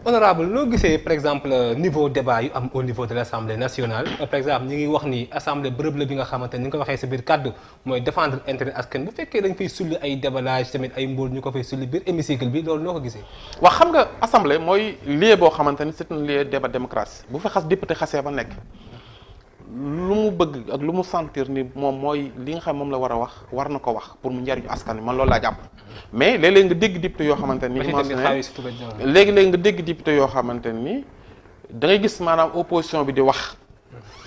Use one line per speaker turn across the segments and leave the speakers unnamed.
honorable loo gisee par exemple niveau débat yu am au niveau de l' assemblée nationale par exemple ñi ngi wax ni assemblée bërëb la bi nga xamante ni nga ko waxee sa biir kàddu mooy défendre intérêt askan bu fekkee dañ fay sulli ay déballage tamit ay mbool ñu ko fay sulli biir hémicycle bi loolu noo ko gisee waaw xam nga assemblée mooy lieu boo xamante ni c'est un lieu débat démocratie bu fa xas député xasee ba nekk lu mu bëgg ak lu mu sentir ni moom mooy li nga xam moom la war a wax war na ko wax pour mu njariñu askan wi man loolu laa jàpp mais léeg-léeg nga dégg député yoo xamante ni léegi-léegi nga dégg député yoo xamante ni da ngay gis maanaam opposition bi di wax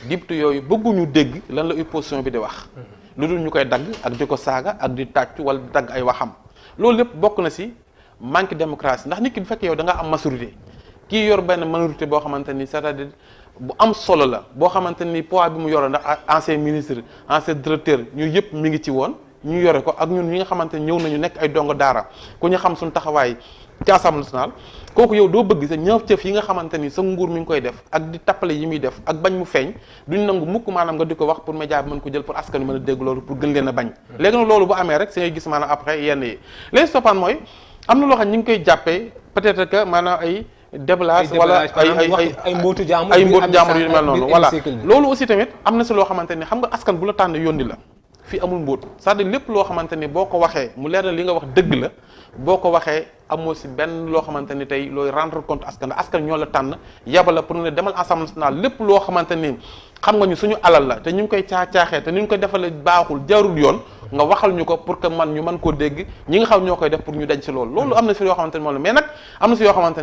député yooyu bëgguñu dégg lan la opposition bi di wax lu dul ñu koy dagg ak di ko saaga ak di tàccu wala di dagg ay waxam loolu lépp bokk na si manque démocratie ndax nit ki bu fekk yow da nga am majorité kii yor benn minorité boo xamante ni cest bu am solo la boo xamante ni poids bi mu yore ndax ancien ministre ancien directeur ñu yëpp mi ngi ci woon ñu yore ko ak ñun ñi nga xamante ni ñëw nañu nekk ay dongo daara ku ñu xam suñu taxawaay ci Assemblée nationale kooku yow doo bëgg sa ñëw cëf yi nga xamante ni sa nguur mi ngi koy def ak di tappale yi muy def ak bañ mu feeñ duñ nangu mukk maanaam nga di ko wax pour média bi mën ko jël pour askan wi mën a dégg loolu pour gën leen bañ léegi nag loolu na loo xam ñu ngi koy jàppee ay déblage wala ay ay ay mbootu jaamur ay mbootu jaamur yu mel noonu voilà loolu aussi tamit am na si loo xamante ne xam nga askan bu la tànn yónni la fi amul mbóot cest à lépp loo xamante ni boo ko waxee mu leer na li nga wax dëgg la boo ko waxee amoo si benn loo xamante ni tey looy rendre compte askan askan ñoo la tànn yabal pour ne demal assemblée nationale lépp loo xamante ni xam nga ñu suñu alal la te ñu ngi koy caax-caaxee te ni ñu koy defalee baaxul jarul yoon nga waxal ñu ko pour que man ñu mën koo dégg ñi nga xam ñoo koy def pour ñu dañ si loolu loolu am na si yoo xamante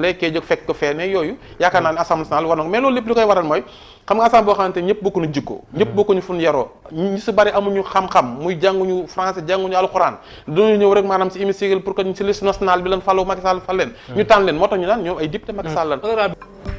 ne ko yooyu yaakaar naa ne assemblée nationale war na ko mais loolu lépp li koy waral mooy xam nga assemblée boo xamante ne ñëpp bokkuñu jikko ñëpp uh-huh. bokkuñu fu ñu yaroo ñu si bari amuñu xam-xam muy jànguñu français jànguñu alxuraan dañu ñëw rek maanaam si hémicycle pour que ci liste nationale bi lan falu Macky Sall fal leen ah. ñu tànn leen moo tax ñu naan ñoom ay député Macky Sall lan